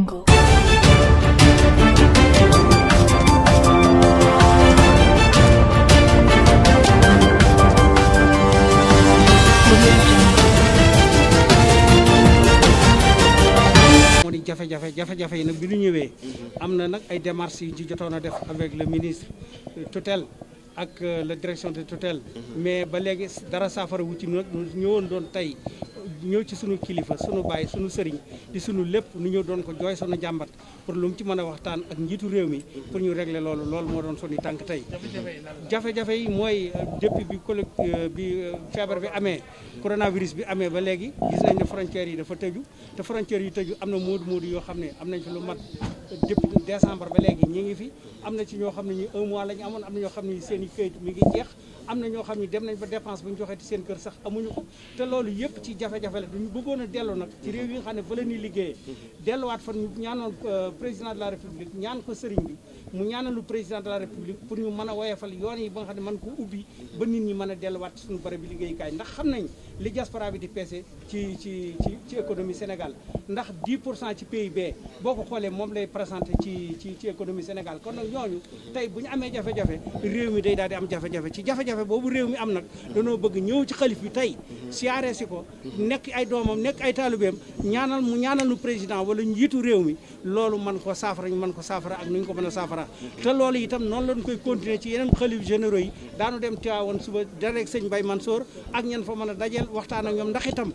jungle moo di jafe-jafe jafe-jafe yi nag bi ñu ñëwee am na nag ay démarches yu ci jotoon def avec le ministre tutelle ak euh, la direction de tutelle mm-hmm. mais ba léegi dara saafara wu ci nag ñëwoon doon tey ñëw ci sunu kilifa sunu baay sunu sëriñ di sunu lépp nu ñëw doon ko jooy sunu jàmbat pour lu mu ci mën a waxtaan ak njiitu réew mi pour ñu régler loolu loolu moo doon sunu tànk tey jafe-jafe yi mooy depuis bi colo euh, bi euh, feebar bi amee coronavirus bi amee ba léegi gis nañ ne frontières yi dafa tëju te frontières yi tëju am na moodu moodu yoo xam ne am nañ fi lu mat depuis décembre ba léegi ñi ngi fi am na ci ñoo xam ne ñu un mois la ñu amoon am na ñoo xam ne seeni këyit mi ngi jeex am na ñoo xam ne dem nañ ba dépense bu ñu joxee ci seen kër sax amuñu ko te loolu yëpp ci jafe-jafe la duñu bëggoon a dellu nag ci réew yi nga xam ne fa la ñuy liggéeyee delluwaat fan ñu ñaanoon euh, président de la république ñaan ko sëriñ bi mu ñaanalu président de la république pour ñu mën a woyofal yoon yi ba nga xam ne mën ko ubbi ba nit ñi mën a delluwaat suñu barab bi liggéeykaay ndax xam nañ li diaspora bi di peese ci ci ci ci économie Sénégal ndax 10 pour cent ci PIB boo ko xoolee moom lay présenté ci ci ci économie Sénégal kon nag ñooñu tey bu ñu amee jafe-jafe réew mi day daal di am jafe-jafe ci jafe-jafe boobu réew mi am nag danoo bëgg ñëw ci xalif bi tey siyaare si ko nekk ay doomam nekk ay taalibeem ñaanal mu ñaanal nu président wala njiitu réew mi loolu mën ko saafara ñu mën ko saafara ak nu ñu ko mën a saafara saafara te loolu itam noonu lañ koy continuer ci yeneen xalif généro yi daanu dem Tiwaawan suba darek sëñ Bay Mansour ak ñan fa mën a dajeel waxtaan ak ñoom ndax itam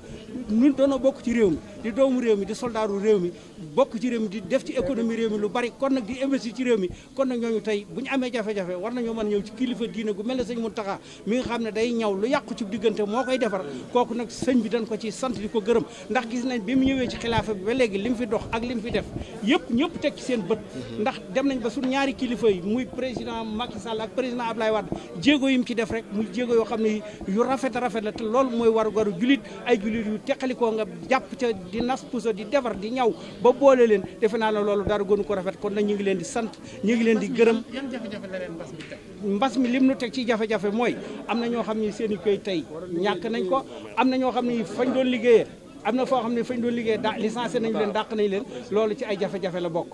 ñun doonoo bokk ci réew mi di doomu réew mi di soldaaru réew mi bokk ci réew mi di def ci économie réew mi lu bari kon nag di investir ci réew mi kon nag tey bu ñu amee jafe war nañoo mën ñëw ci kilifa diine gu mel ne sëñ Muntaxa mi nga xam ne day ñaw lu yàqu ci diggante moo koy defar kooku nag sëñ bi dañ ko ci sant di ko gërëm ndax gis nañ bi mu ñëwee ci xilaafa bi ba léegi li mu fi dox ak li mu fi def yëpp ñëpp teg ci seen bët ndax dem nañ ba su ñaari kilifa yi muy président Macky Sall ak président Ablaye Wade jéego yi mu ci def rek muy jéego yoo xam ne yu rafet rafet la te loolu mooy waru garu julit ay julit yu teqalikoo nga jàpp ca di nas puso di defar di ñaw ba boole leen defe naa ne loolu dara gënu ko rafet kon nag ñu ngi leen di sant ñu ngi leen di gërëm mbas mi lim nu teg ci jafe-jafe mooy am na ñoo xam ne seen i koy tey ñàkk nañ ko am na ñoo xam ne fañ doon liggéeyee am na foo xam ne fañ doon liggéey daa licencié nañ leen dàq nañ leen loolu ci ay jafe la bokk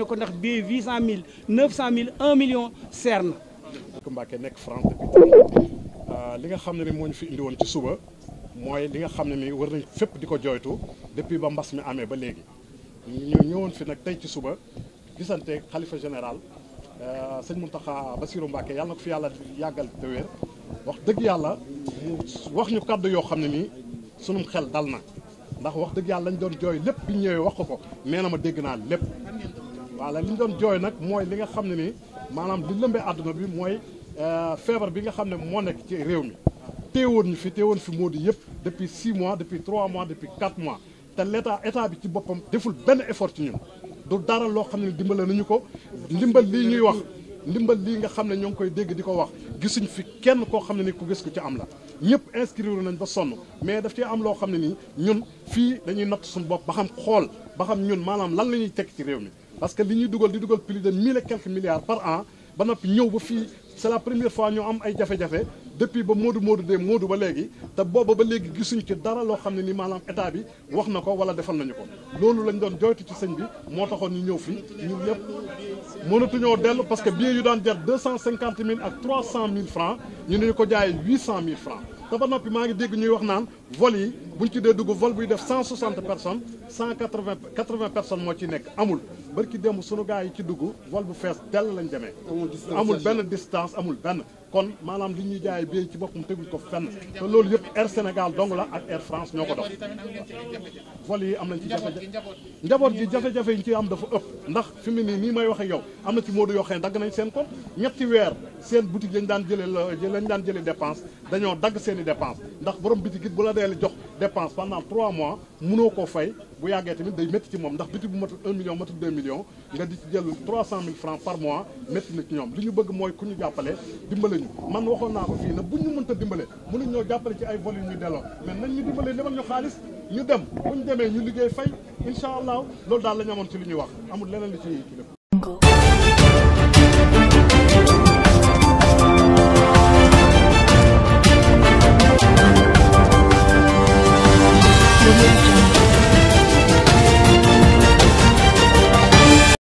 na ko ndax billet huit mille neuf cent mille un million seer na nekk Mbàkke nekk France euh, li nga xam ne ni moo ñu fi indi woon ci suba mooy li nga xam ne ni war nañ fépp di ko jooytu depuis ba mbas mi amee ba léegi ñu ñëwoon fi nag tey ci suba gisante xalifa général euh, sëñ tax Bassirou Mbàkke yàlla na ko fi yàlla yàggal te wax dëgg yàlla wax ñu kàddu yoo xam ne ni sunum xel dal na ndax wax dëgg yàlla lañ doon jooy lépp bi ñëwee wax ko ko nee na ma dégg naa lépp voilà li ñu doon jooy nag mooy li nga xam ne ni maanaam li lëmbee àdduna bi mooy euh, feebar bi nga xam ne moo nekk ci réew mi teewoon ñu fi woon fi moo di yëpp depuis 6 mois depuis trois mois depuis 4 mois te l'état état bi ci boppam deful benn effort ci ñun du dara loo xam ne dimbale nañu ko ndimbal lii ñuy wax ndimbal lii nga xam ne ñoo ngi koy dégg di ko wax gisuñ fi kenn koo xam ne ni ku gis ko ci am la ñëpp inscrire nañ ba sonn mais daf cee am loo xam ne nii ñun fii dañuy natt suñu bopp xam xool ba xam ñun maanaam lan la ñuy teg ci réew mi parce que li ñuy dugal di dugal plus de mille et quelques milliards par an ba noppi ñëw ba fii c'est la première fois ñoo am ay jafe-jafe depuis ba Modou Modou de Modou ba léegi te booba ba léegi gisuñu ci dara loo xam ne ni maanaam état bi wax na ko wala defal nañu ko loolu lañ doon joytu ci señ bi moo taxoon ñu ñëw fii ñun yëpp mënatuñoo dellu parce que billet yu daan jar deux cent cinquante mille ak trois cent mille francs ñu ne ñu ko jaayee huit cent mille francs te ba noppi maa ngi dégg ñuy wax naan vol yi buñ ci dee dugg vol buy def cent soixante personnes cent quatre vingt quatre vingt personnes moo ci nekk amul barki démb sunu gars yi ci dugg vol bu fees dell lañ demee. amul benn distance amul benn. kon maanaam li ñuy jaay bi ci boppam teguñ ko fenn te loolu yëpp Air Sénégal dong la ak Air France ñoo ko dox vol yi am nañ ci jafe-jafe njaboot gi jafe-jafe yi ñu ci am dafa ëpp ndax fi mu nii nii may wax ak yow am na ci moo yoo xam ne dagg nañ seen kon ñetti weer seen boutique lañ daan jëlee lañ daan jëlee dépense dañoo dagg seen i dépense ndax borom boutique it dee la jox dépense pendant 3 mois mënoo koo fay bu yàggee tamit day métti ci moom ndax biti bu matul 1 million matul 2 millions nga di ci jël 300 000 francs par mois métti na ci ñoom li ñu bëgg mooy ku ñu jàppale dimbale ñu man waxoon naa ko fii na bu ñu mënta dimbale mënuñ ñoo jàppale ci ay vol yu ñuy delloo mais nañ ñu dimbale ñu xaalis ñu dem bu ñu demee ñu liggéey fay incha allah loolu daal la ñu ci li ñuy wax amul leneen li ci ci